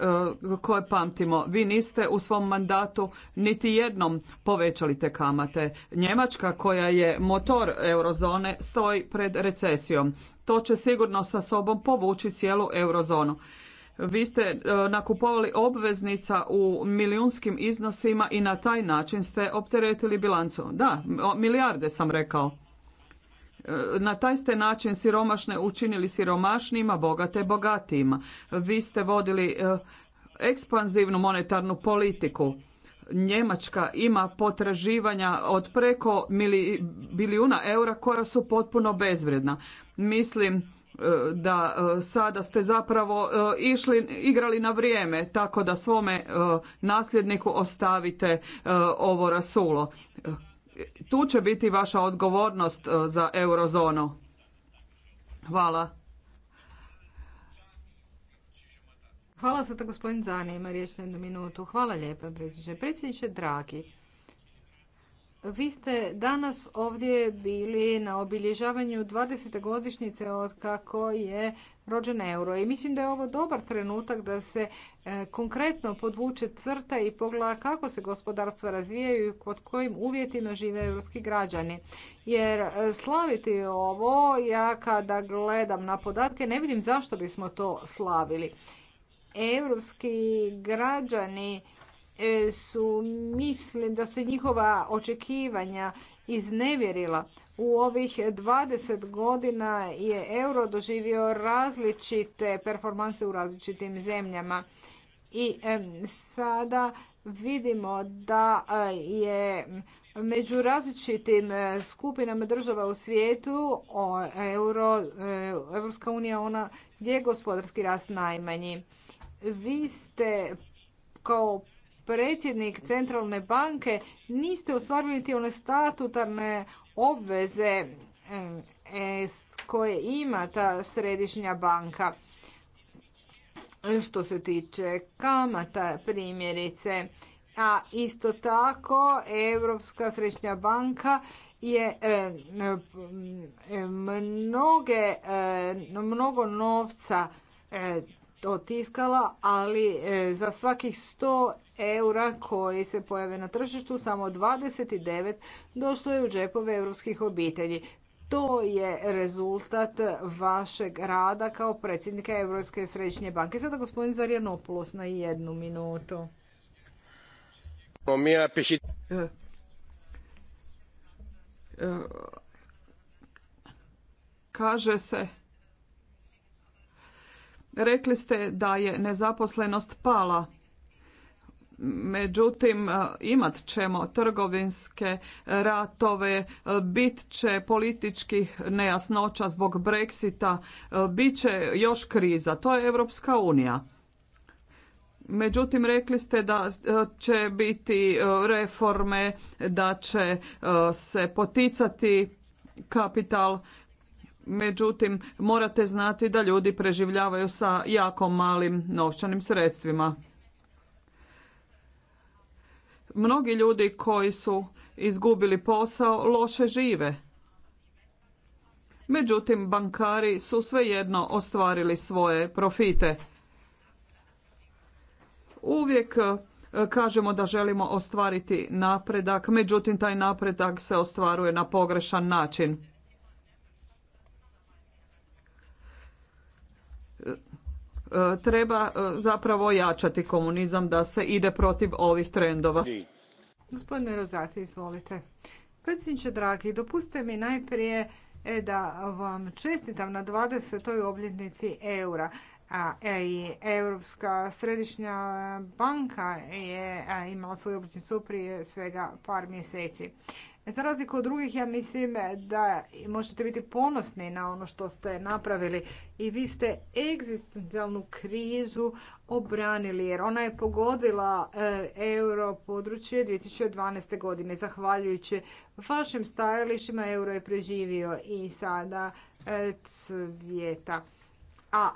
koje pamtimo. Vi niste u svom mandatu niti jednom povećali te kamate. Njemačka koja je motor eurozone stoji pred recesijom. To će sigurno sa sobom povući cijelu eurozonu. Vi ste e, nakupovali obveznica u milijunskim iznosima i na taj način ste opteretili bilancu. Da, milijarde sam rekao. E, na taj ste način siromašne učinili siromašnijima, bogate bogatijima. Vi ste vodili e, ekspanzivnu monetarnu politiku. Njemačka ima potraživanja od preko bilijuna eura koja su potpuno bezvredna. Mislim E, da e, sada ste zapravo e, išli, igrali na vrijeme tako da svome nasljedniku ostavite ovo rasulo. Tu će biti vaša odgovornost za eurozonu. Hvala. Hvala sada gospodin Zani, riječ na jednu minutu. Hvala lijepa predsjedniče. Predsjedniče Dragi, vi ste danas ovdje bili na obilježavanju 20. godišnjice od kako je rođen euro i mislim da je ovo dobar trenutak da se e, konkretno podvuče crta i pogleda kako se gospodarstva razvijaju i pod kojim uvjetima žive europski građani. Jer e, slaviti ovo, ja kada gledam na podatke ne vidim zašto bismo to slavili. Europski građani E, su, mislim da su njihova očekivanja iznevjerila. U ovih 20 godina je euro doživio različite performanse u različitim zemljama. I e, sada vidimo da e, je među različitim skupinama država u svijetu euro, Evropska unija ona gdje je gospodarski rast najmanji. Vi ste kao predsjednik centralne banke, niste ostvarili niti one statutarne obveze eh, eh, koje ima ta središnja banka. Što se tiče kamata primjerice, a isto tako Europska središnja banka je eh, mnoge, mnogo novca otiskala, ali za svakih 100 eura koji se pojave na tržištu, samo 29 došlo je u džepove europskih obitelji. To je rezultat vašeg rada kao predsjednika Europske središnje banke. Sada gospodin Zarijanopoulos na jednu minutu. Kaže se Rekli ste da je nezaposlenost pala. Međutim, imat ćemo trgovinske ratove, bit će političkih nejasnoća zbog Brexita, bit će još kriza. To je Europska unija. Međutim, rekli ste da će biti reforme, da će e, se poticati kapital. Međutim, morate znati da ljudi preživljavaju sa jako malim novčanim sredstvima mnogi ljudi koji su izgubili posao loše žive. Međutim, bankari su svejedno ostvarili svoje profite. Uvijek e, kažemo da želimo ostvariti napredak, međutim taj napredak se ostvaruje na pogrešan način. E, treba e, zapravo jačati komunizam da se ide protiv ovih trendova. Gospodine Rozati, izvolite. Predsjedniče dragi, dopustite mi najprije e, da vam čestitam na 20. obljetnici eura. A, i Europska središnja banka je imala svoju obljetnicu prije svega par mjeseci. E, za razliku od drugih, ja mislim e, da možete biti ponosni na ono što ste napravili i vi ste egzistencijalnu krizu obranili jer ona je pogodila e, euro područje 2012. godine. Zahvaljujući vašim stajalištima euro je preživio i sada cvijeta. A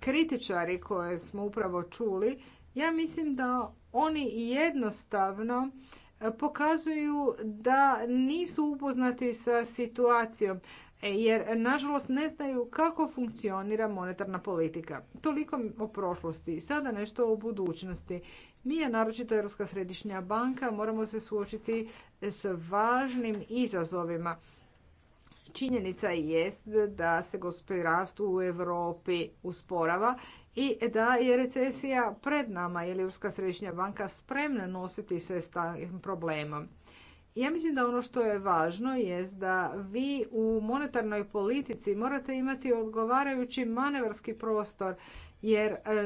kritičari koje smo upravo čuli, ja mislim da oni jednostavno pokazuju da nisu upoznati sa situacijom e, jer nažalost ne znaju kako funkcionira monetarna politika. Toliko o prošlosti, sada nešto o budućnosti. Mi, je naročito Europska središnja banka, moramo se suočiti s važnim izazovima Činjenica jest da se gospodarstvo u Europi usporava i da je recesija pred nama jer Europska središnja banka spremna nositi se s takvim problemom. Ja mislim da ono što je važno jest da vi u monetarnoj politici morate imati odgovarajući manevarski prostor jer e,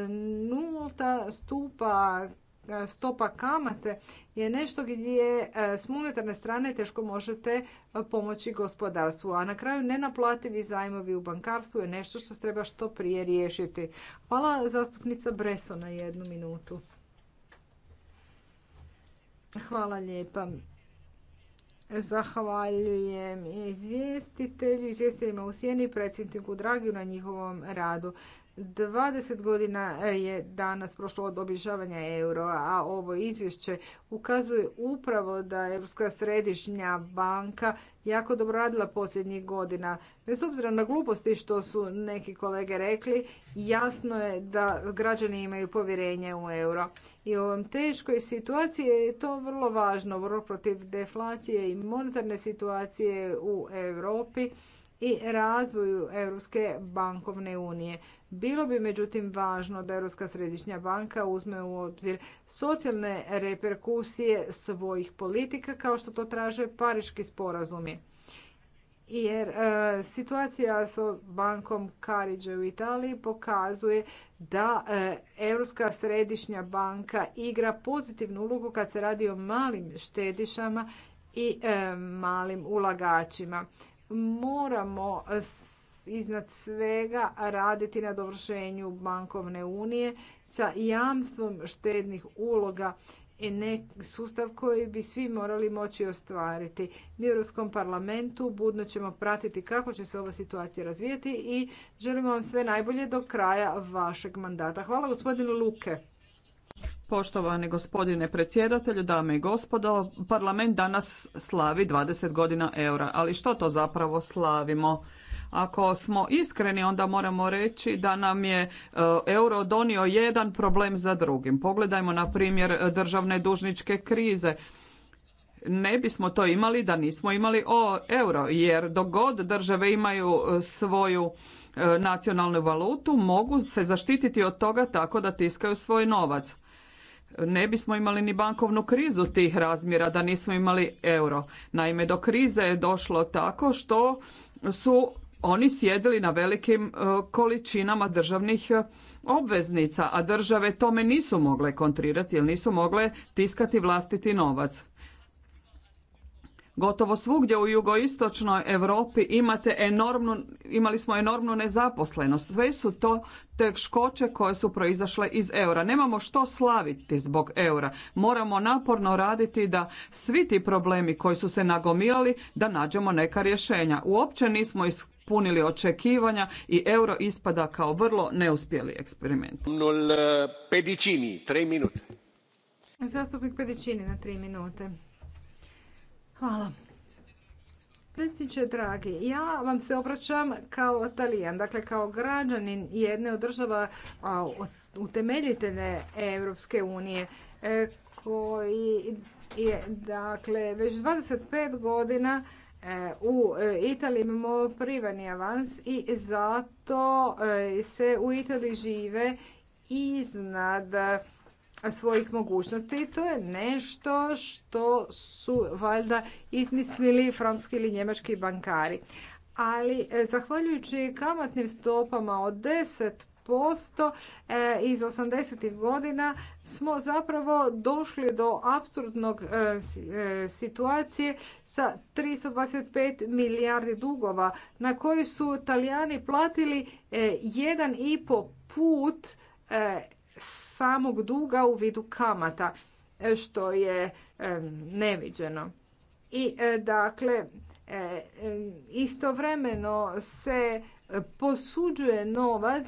nulta stupa E, stopa kamate je nešto gdje e, s monetarne strane teško možete e, pomoći gospodarstvu. A na kraju nenaplativi zajmovi u bankarstvu je nešto što treba što prije riješiti. Hvala zastupnica Breso na jednu minutu. Hvala lijepa. Zahvaljujem izvjestitelju, izvjestiteljima u Sjeni i predsjedniku Dragiju na njihovom radu. 20 godina je danas prošlo od obježavanja euro, a ovo izvješće ukazuje upravo da je Europska središnja banka jako dobro radila posljednjih godina. Bez obzira na gluposti što su neki kolege rekli, jasno je da građani imaju povjerenje u euro. I u ovom teškoj situaciji je to vrlo važno, vrlo protiv deflacije i monetarne situacije u Europi i razvoju Europske bankovne unije. Bilo bi međutim važno da Europska središnja banka uzme u obzir socijalne reperkusije svojih politika kao što to traže pariški sporazumi. Jer e, situacija sa bankom Cariđe u Italiji pokazuje da e, Europska središnja banka igra pozitivnu ulogu kad se radi o malim štedišama i e, malim ulagačima moramo iznad svega raditi na dovršenju bankovne unije sa jamstvom štednih uloga i ne sustav koji bi svi morali moći ostvariti. Mi u Europskom parlamentu budno ćemo pratiti kako će se ova situacija razvijeti i želimo vam sve najbolje do kraja vašeg mandata. Hvala gospodinu Luke. Poštovani gospodine predsjedatelju, dame i gospodo, parlament danas slavi 20 godina eura, ali što to zapravo slavimo? Ako smo iskreni, onda moramo reći da nam je e, euro donio jedan problem za drugim. Pogledajmo, na primjer, državne dužničke krize ne bismo to imali da nismo imali euro jer dok god države imaju e, svoju e, nacionalnu valutu mogu se zaštititi od toga tako da tiskaju svoj novac ne bismo imali ni bankovnu krizu tih razmjera da nismo imali euro. Naime, do krize je došlo tako što su oni sjedili na velikim e, količinama državnih e, obveznica, a države tome nisu mogle kontrirati jer nisu mogle tiskati vlastiti novac. Gotovo svugdje u jugoistočnoj Europi imate enormnu, imali smo enormnu nezaposlenost. Sve su to teškoće koje su proizašle iz eura. Nemamo što slaviti zbog eura. Moramo naporno raditi da svi ti problemi koji su se nagomilali da nađemo neka rješenja. Uopće nismo ispunili očekivanja i euro ispada kao vrlo neuspjeli eksperiment. Eh, Pedicini, minute. Zastupnik Pedicini na tri minute. Hvala. Predsjedniče dragi, ja vam se obraćam kao Italijan, dakle kao građanin jedne od država utemeljitelje Europske unije e, koji je dakle već 25 godina e, u e, Italiji imamo privani avans i zato se u Italiji žive iznad svojih mogućnosti i to je nešto što su valjda izmislili francuski ili njemački bankari. Ali e, zahvaljujući kamatnim stopama od 10 posto e, iz 80. godina smo zapravo došli do apsurdnog e, situacije sa 325 milijardi dugova na koji su Talijani platili jedan i po put samog duga u vidu kamata, e, što je e, neviđeno. I e, dakle, istovremeno se posuđuje novac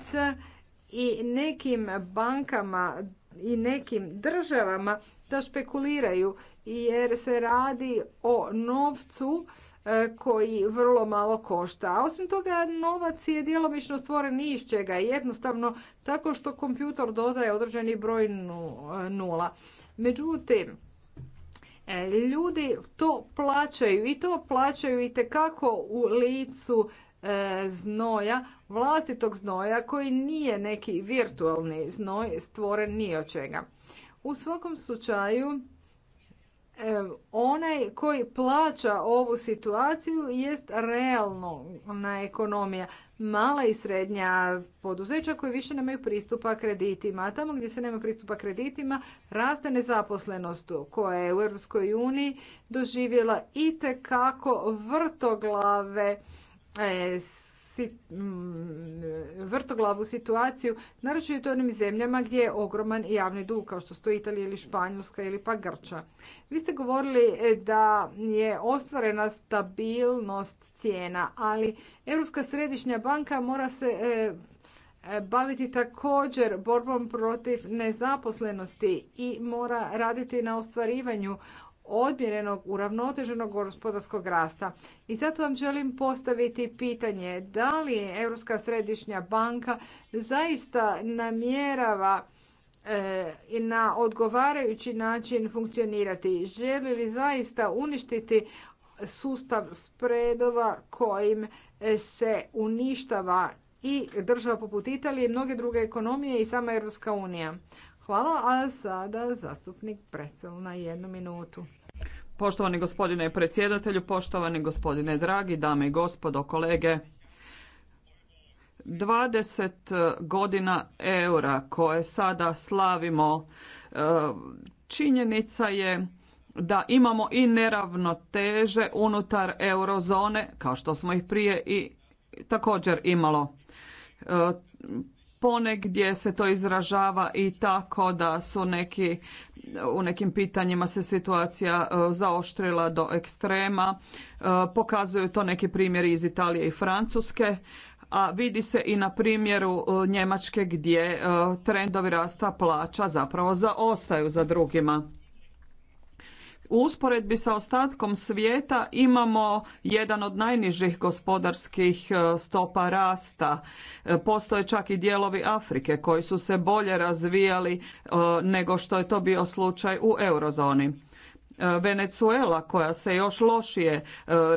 i nekim bankama i nekim državama da špekuliraju jer se radi o novcu E, koji vrlo malo košta. A osim toga novac je djelomično stvoren ni iz čega, jednostavno tako što kompjutor dodaje određeni broj e, nula. Međutim, e, ljudi to plaćaju i to plaćaju i tekako u licu znoja, vlastitog znoja koji nije neki virtualni znoj stvoren ni od čega. U svakom slučaju onaj koji plaća ovu situaciju jest realno na ekonomija. Mala i srednja poduzeća koji više nemaju pristupa kreditima. A tamo gdje se nema pristupa kreditima raste nezaposlenost koja je u Europskoj uniji doživjela i kako vrtoglave e, Mm, vrtoglavu situaciju, naročito onim zemljama gdje je ogroman javni dug, kao što su Italija ili Španjolska ili pa Grča. Vi ste govorili e, da je ostvarena stabilnost cijena, ali Europska središnja banka mora se e, e, baviti također borbom protiv nezaposlenosti i mora raditi na ostvarivanju odmjerenog uravnoteženog gospodarskog rasta. I zato vam želim postaviti pitanje da li je Europska središnja banka zaista namjerava i e, na odgovarajući način funkcionirati. Želi li zaista uništiti sustav spredova kojim se uništava i država poput Italije i mnoge druge ekonomije i sama Europska unija. Hvala, a sada zastupnik Precel na jednu minutu. Poštovani gospodine predsjedatelju, poštovani gospodine dragi, dame i gospodo, kolege. 20 godina eura koje sada slavimo, e, činjenica je da imamo i neravnoteže unutar eurozone, kao što smo ih prije i također imalo e, ponegdje se to izražava i tako da su neki u nekim pitanjima se situacija e, zaoštrila do ekstrema. E, pokazuju to neki primjeri iz Italije i Francuske, a vidi se i na primjeru e, Njemačke gdje trendovi rasta plaća zapravo zaostaju za drugima. U usporedbi sa ostatkom svijeta imamo jedan od najnižih gospodarskih e, stopa rasta. E, postoje čak i dijelovi Afrike koji su se bolje razvijali e, nego što je to bio slučaj u eurozoni. Venezuela koja se još lošije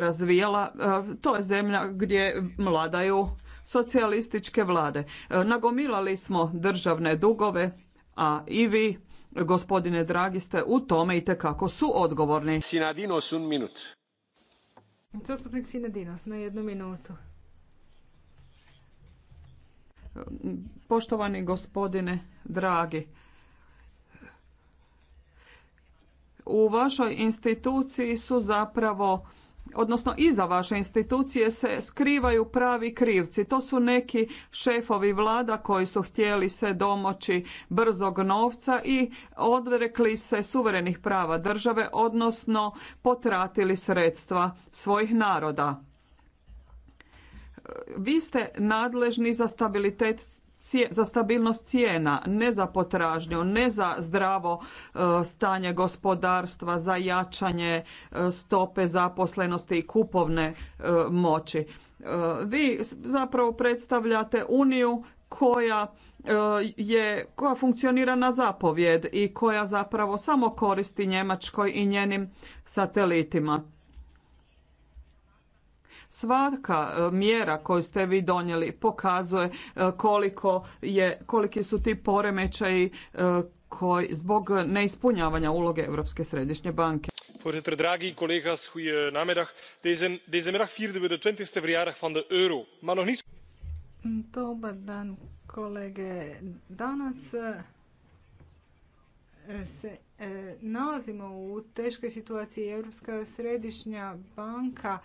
razvijala, to je zemlja gdje mladaju socijalističke vlade. Nagomilali smo državne dugove, a i vi Gospodine dragi ste u tome i tekako su odgovorni. Sinadinos un minut. Zastupnik Sinadinos na jednu minutu. Poštovani gospodine dragi, u vašoj instituciji su zapravo odnosno iza vaše institucije se skrivaju pravi krivci. To su neki šefovi vlada koji su htjeli se domoći brzog novca i odrekli se suverenih prava države, odnosno potratili sredstva svojih naroda vi ste nadležni za stabilitet za stabilnost cijena, ne za potražnju, ne za zdravo e, stanje gospodarstva, za jačanje e, stope zaposlenosti i kupovne e, moći. Vi zapravo predstavljate uniju koja je, koja funkcionira na zapovjed i koja zapravo samo koristi Njemačkoj i njenim satelitima. Svaka e, mjera koju ste vi donijeli pokazuje e, koliko je, koliki su ti poremećaji e, koji, zbog neispunjavanja uloge Europske središnje banke. Voorzitter, dragi collega's, namiddag. Deze, deze middag vierden we de 20ste verjaardag van de euro, maar nog niet... Dobar dan, kolege. Danas se e, nalazimo u teškoj situaciji Europska središnja banka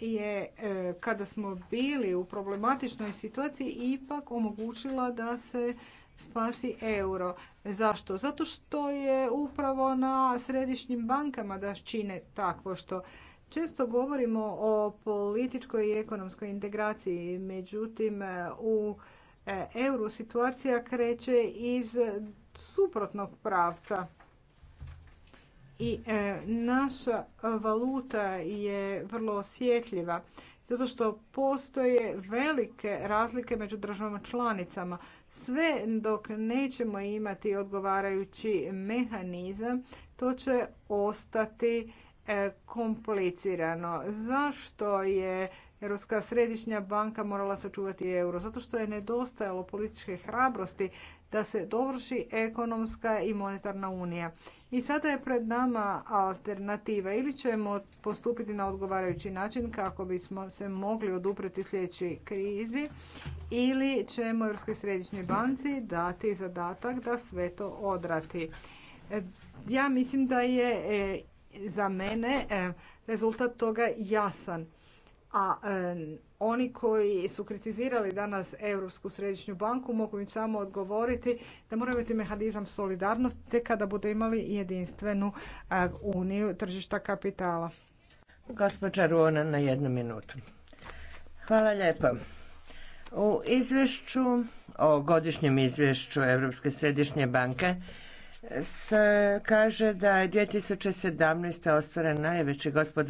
je e, kada smo bili u problematičnoj situaciji ipak omogućila da se spasi euro. Zašto? Zato što je upravo na središnjim bankama da čine takvo što često govorimo o političkoj i ekonomskoj integraciji, međutim e, u e, euro situacija kreće iz suprotnog pravca i e, naša valuta je vrlo osjetljiva zato što postoje velike razlike među državama članicama. Sve dok nećemo imati odgovarajući mehanizam, to će ostati e, komplicirano. Zašto je Europska središnja banka morala sačuvati euro? Zato što je nedostajalo političke hrabrosti da se dovrši ekonomska i monetarna unija. I sada je pred nama alternativa. Ili ćemo postupiti na odgovarajući način kako bismo se mogli odupreti sljedećoj krizi ili ćemo Europskoj središnjoj banci dati zadatak da sve to odrati. Ja mislim da je e, za mene e, rezultat toga jasan. A e, oni koji su kritizirali danas Europsku središnju banku mogu im samo odgovoriti da moraju imati mehanizam solidarnosti te kada budu imali jedinstvenu uniju tržišta kapitala. Gospođa Ruona na jednu minutu. Hvala lijepo. U izvješću o godišnjem izvješću Europske središnje banke se kaže da je 2017. ostvaren najveći gospodar